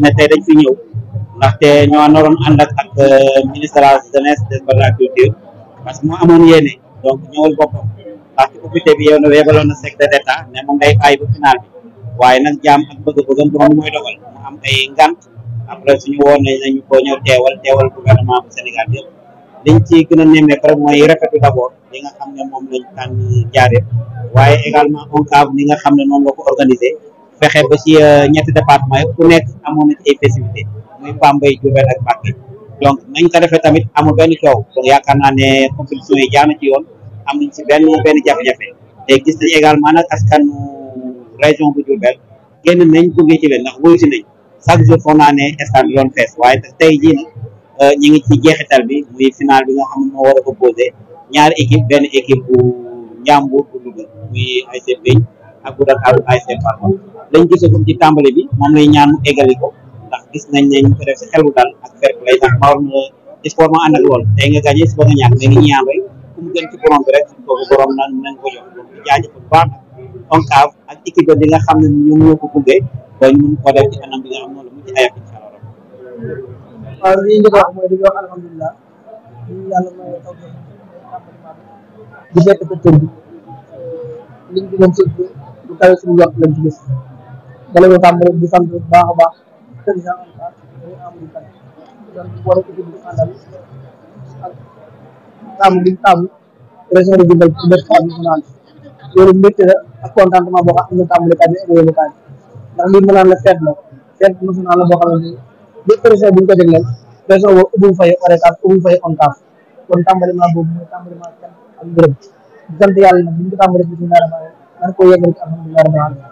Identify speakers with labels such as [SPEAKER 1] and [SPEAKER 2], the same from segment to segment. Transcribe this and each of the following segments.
[SPEAKER 1] ne tey dañ fi ñëw ndaxte ñoo naroon ànd ak ak euh, ministre de la jeunesse culture parce que moo amoon yéene donc ñëwal boppam ndaxte comité bi yow na yebaloon na secrétaire d'état ne moom day bàyyi ba final bi waaye nag jaam ak bëgg-bëggam borom mooy dogal mu am ay ngant après suñu woon nañ nañu ko teewal teewal gouvernement bu Sénégal yëpp ci gën a nemmeeku rek mooy rafetlu d'abord li nga xam ne moom lañ tànn jaaree waaye également ONCAV ni nga xam ne noonu la ko fexe ba ci euh, ñett département yëpp ku nekk amoon na ci ay festivités muy Bambey Diourbel ak Mbacké donc nañ ko defee tamit amu benn coow donc yaakaar naa ne compétition yi jaar na ci yoon ci benn benn jafe-jafe te gis nañ également askan askanu région bu Diourbel génn nañ gunge ci ndax wuyu si nañ chaque jour foog naa ne stade bi fees waaye tey jii nag euh, ñu ci jeexital bi muy final bi nga xam ne moo war a opposé ñaari équipe benn équipe bu Njàmbur bu Louga muy ASC Beñ ak bu Dakar ASC lañ gisagum ci tàmbali bi moom lay ñaan mu eggali ndax gis nañ ne ko def si xel bu ak fair play ndax bawal na sport moo ànd ak lool tey nga gagné si ba nga ñaan mais nga ñaan rek ku gën ci borom bi rek kooku borom na nañ ko jox donc jaajëf ak équipe bi nga xam ne ñoom ñoo ko gunge ba ñu ko def ci
[SPEAKER 2] anam bi nga xam mu ci ayab bi di fekk dana ñu tàmbali di sant bu baax a baax président ANCAR muy Amadou Kane donc war a équipe bi àndal ak taamu bi taamu région de Diourbel ci biir phase nationale bi loolu mbégte la ak contentement boo xam am na tàmbalikat bi ak yóbbukaay ndax lii mënaan la fête la fête nationale la boo xamante ni bépp région bu ñu ko dégleel région boobu ubbiwul fay ORCAV ubbiwul fay ONCAV kon tàmbalima boobu mooy tàmbalima ak ngërëm di sant yàlla nag bu ñu ko tàmbalee ci suñu laarabaay nan ko yeggal ci alhamdulilah rabbil alamin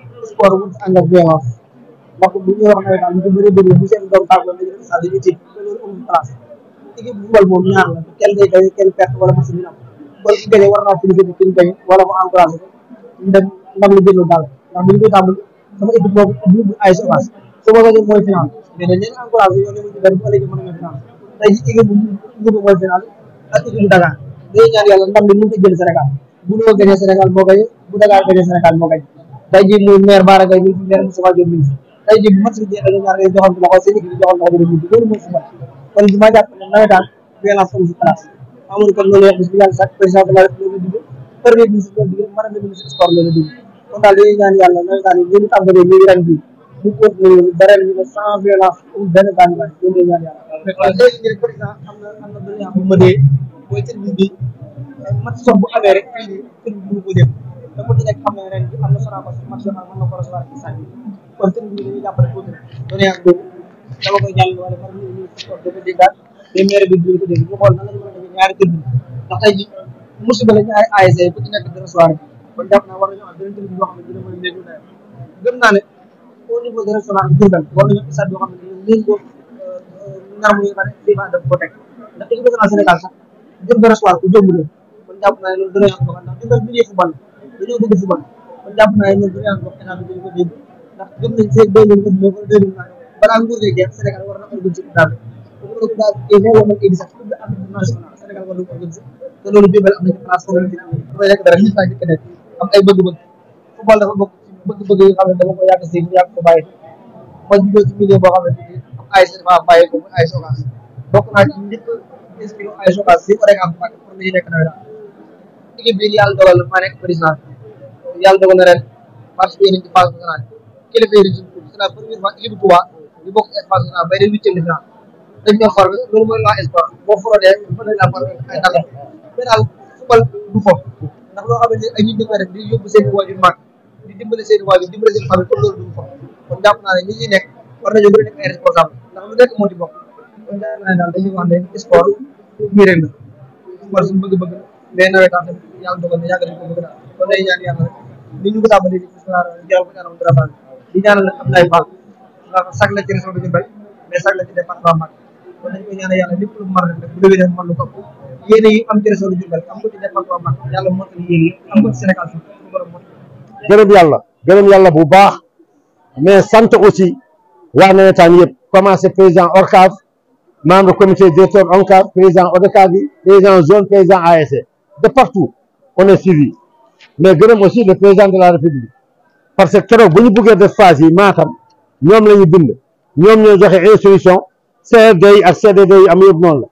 [SPEAKER 2] sport wut ànd ak violence ndax bu ñuy wax nawetaan ñu ci bëri bëri bu seen doom tàggoo nañu def sax dañu tiit te loolu amul place équipe bu football moom ñaar la kenn day gañe kenn perte wala mu suñu nam bal ku gañe war naa félicité ki ñu gañe wala mu encouragé ñu dem ndam lu gënlu daal ndax bu ñu koy tàmbali sama équipe boobu bu bu ay sopas su ma gañe mooy final mais dañ leen encouragé yow leen ci benn bu ëllëgee mën nga final tey ci équipe bu bu mooy final ak équipe bu Dakar day ñaan yàlla ndam li mu ko jël Sénégal bu doo gañe Sénégal moo gañe bu Dakar gañe Sénégal moo gañe tey jii muy Bara Gaye bi maire Moustapha Diop bi tey jii bu ma si jéem a ñaar ngay joxoon loxo seen équipe joxoon loxo bi loolu mooy suba kon li ma a ne nawetaan violence amul si place amul kon loolu yëpp bis bu yàlla sax président de la république loolu la premier ministre loolu digg a ministre sport loolu digg kon bi dara ñu ne sans violence amul benn daan bañ loolu la ñaan yàlla léegi ngeen te ku ci nekk xam ne ren bi am na Sonacos match yoo xam ne mën na ko recevoir ci stade bi kon sëñ bi dañuy jàppale tuuti doléance boobu dama koy jàll wala par ñu ñu ko dafa déggaat mais maire bi duñ ko dégg ñu xool nan la ñu mën a defee ñaari tribune ndax tey ji musiba la ñaari ASC ku ci nekk di recevoir kon jàpp naa war nañu am beneen tribune boo xam ne dina mën a déglu nawet gëm naa ne au niveau de restaurant Diourbel war nañu am stade boo xam ne liñ ko nar euh, muy bare débat daf ko teg ndax équipe nationale Sénégal sax Diourbel recevoir ku jëmbu leen kon jàpp naa ne loolu dana yàq boo xam ndax Diourbel bi ñuy football dañoo bëgg football kon jàpp naa ñoom dañu naan wax état bi dañu ko dégg ndax gëm nañ seen deux mille neuf moo ko deux mille neuf balaa nguur gi jeex Sénégal war na organiser daal bu ko doon daal kii nee woon na kii di sax coupe d'Afrique nationale Sénégal war na ko organiser te loolu jubal am na ci place foofu la dafay nekk dara nit ñi keneen am ay bëgg-bëgg football dafa bokk ci bëgg-bëgg yi xam ne dama ko yàgg si mu yàgg ko bàyyi ma juddoo ci milieu boo xam ne am ay seulement bàyyi ko ay soxaas bokk naa ci njëkk inspiré ay soxaas si Oréga Mbacke pour ñu nekk nawet daal équipe bi yàlla dogal ma nekk président yàlla dogal na ren participé nañ ci phase finale kilifa yi ci c'est la première fois équipe Touba ñu bokk ci bay dem huitième de finale dañ ñoo forme la espoir boo forodee fa la forme ay dal ndax loo xamante ne ay nit ñi koy def di yóbbu seen waajur mag di dimbale seen waajur dimbale seen famille kon loolu du foofu kon jàpp naa ne ñi ciy nekk war nañoo bëri nekk ay responsable ndax lu nekk moo ci bokk kon jàpp naa ne daal dañuy wax ne bëgg-bëgg mais ni ñu ko tàmbalee di jaral ko jaral dara baal di ñaanal Abdoulaye Fall ndax sax la ci région bi ñu bay mais sax la ci département Mbacké kon dañ koy ñaanal yàlla lépp lu mu mën a def bu déwénee mu mën lu ko yéene yi am ci région bi ñu bay am ko ci département Mbacké yàlla moo tax yéene yi am ko ci Sénégal suuf
[SPEAKER 3] gërëm yàlla gërëm yàlla bu baax mais sant aussi waa nawetaan yëpp commencé président ORCAV membre comité directeur ONCAV président ODCAV bi président zone président ASC e. de partout on est suivi mais gërëm aussi le président de la république parce que keroog bu ñu buggee def phase yi maatam ñoom la ñu bind ñoom ñoo joxe instruction CRD yi ak CDD yi am yëpp noonu la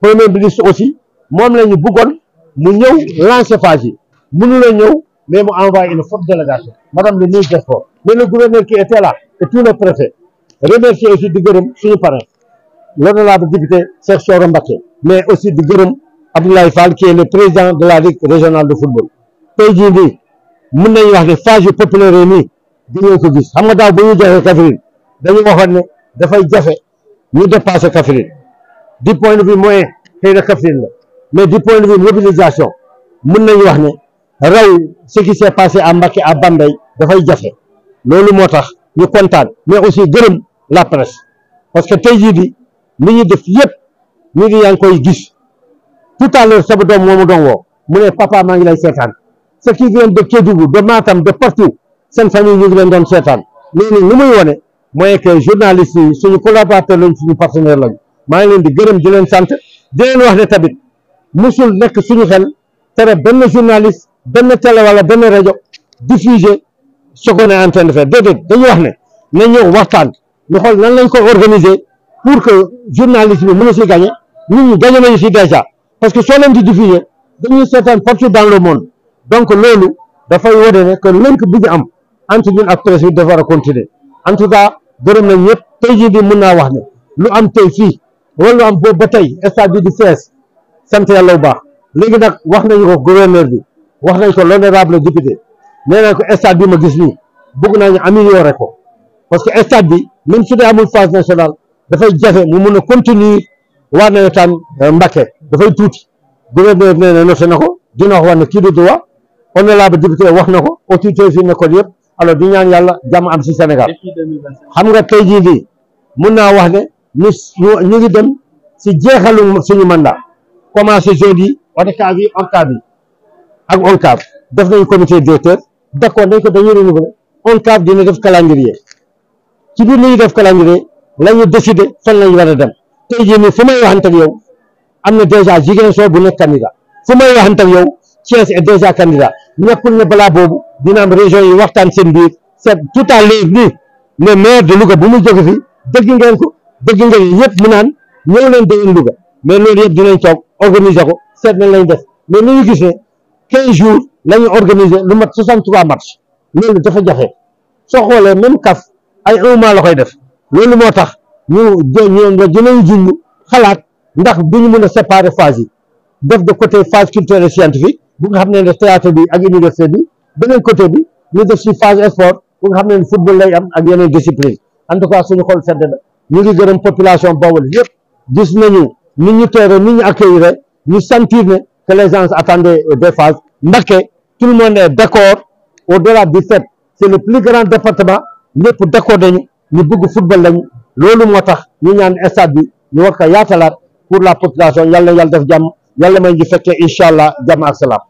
[SPEAKER 3] premier ministre aussi moom la ñu buggoon mu ñëw lancer phase yi mënu la ñëw mais mu envoyé une forte délégation madame le ministre des sports mais le gouverneur qui était là et tous les préfets remercier aussi di gërëm suñu parrain l'honorable député Cheikh Soro Mbacké mais aussi di gërëm Abdoulaye Fall qui est le tey jii nii mën nañu wax ne phase populaire yi nii dañoo ko gis xam nga daaw bu ñu joxee Kaffrine dañu waxoon ne dafay jafe ñu dépassé Kaffrine du point de vue moyen xëy na Kaffrine la mais du point de vue mobilisation mën nañu wax ne raw ce qui s'est passé à Mbacké à dafay jafe loolu moo tax ñu kontaan mais aussi gërëm la presse parce que tey jii di li ñu def yëpp ñu ngi yaa ngi koy gis tout à l'heure sabu doom moomu doon woo mu ne papa maa ngi lay seetaan ce qui viennent de Kédougou de Matam de partout seen famille ñu ngi leen doon seetaan léegi lu muy wane mooy que journalistes suñu collaborateur lañ suñu partenaire lañ maa ngi leen di gërëm di leen sant di leen wax ne tamit musul nekk suñu xel tere benn journaliste benn télé wala benn rajo diffuser ce qu'on est en train de faire déedéet dañu wax ne na ñëw waxtaan ñu xool nan lañ ko organiser pour que journaliste bi mën a si gagné nit ñi gagné nañu si déjà parce que soo leen seetaan partout dans le monde donc loolu dafay wane ne que lënk bi ñu am entre ñun ak presse bi a continuer en tout cas gërëm nañ ñëpp tey jii bi mën naa wax ne lu am tey fii wala lu am ba tey stade bi di fees sant yalla bu baax léegi nag wax nañu ko gouverneur bi wax nañ ko l'honorable député nee nañ ko stade bi ma gis nii bëgg naa ñu améliorer ko parce que stade bi même su dee amul phase nationale dafay jafe mu mun a continuer waa nawetaan euh, Mbacké dafay tuuti gouverneur nee na noté na ko dina wax ne kii du droit honorable député wax na ko autorités yi nekkoon yëpp alors di ñaan yàlla jàmm am si Sénégal xam nga tey jii lii mun naa wax ne ñu ñu ngi dem si jeexalu suñu mandat commencé zone yi ODCAV yi ODCAV yi ak ONCAV def nañ comité directeur d' accord dañ ko dañuy renouveler ONCAV dina def calendrier ci biir li ñu def calendrier la ñu décider fan la ñu a dem tey jii fu may waxanteeg yow am na dèjà Ziguinchor bu nekk candidat fu may waxanteeg yow Thiès est dèjà candidat nekkul ne balaa boobu dina am région yi waxtaan seen biir c'est tout à l'avenir le maire de Louga bu mu jóge fi dégg ngeen ko dégg ngeen yëpp mu naan ñëw leen déwén Louga mais loolu yëpp dinañ toog organiser ko seet nañ lañ def mais ni ñu gis ne quinze jours la ñu organiser lu mat soixante trois match loolu dafa jafe soo xoolee même CAF ay un mois la koy def loolu moo tax ñu ñu nga jënañ junñ xalaat ndax duñu mën a séparer phase yi def de côté phase culturelle et scientifique bu nga xam ne ne théâtre bi ak université bi beneen côté bi ñu def si phase sport bu nga xam ne football lay am ak yeneen discipline en tout cas suñu xol sedd na ñu ngi gërëm population Bawol yëpp gis nañu nit ñu teere ni ñu accueillir ñu sentir ne que les gens attendaient des phases Mbacké tout le monde est d'accord au-delà du fait se le plus grand département ñëpp d'accord nañu ñu bëgg football lañu loolu moo tax ñu ñaan stade bi ñu war yaatalaat pour la population yàlla yàlla def jàmm yàlla may ñu fekkee incha allah jàmm ak salaam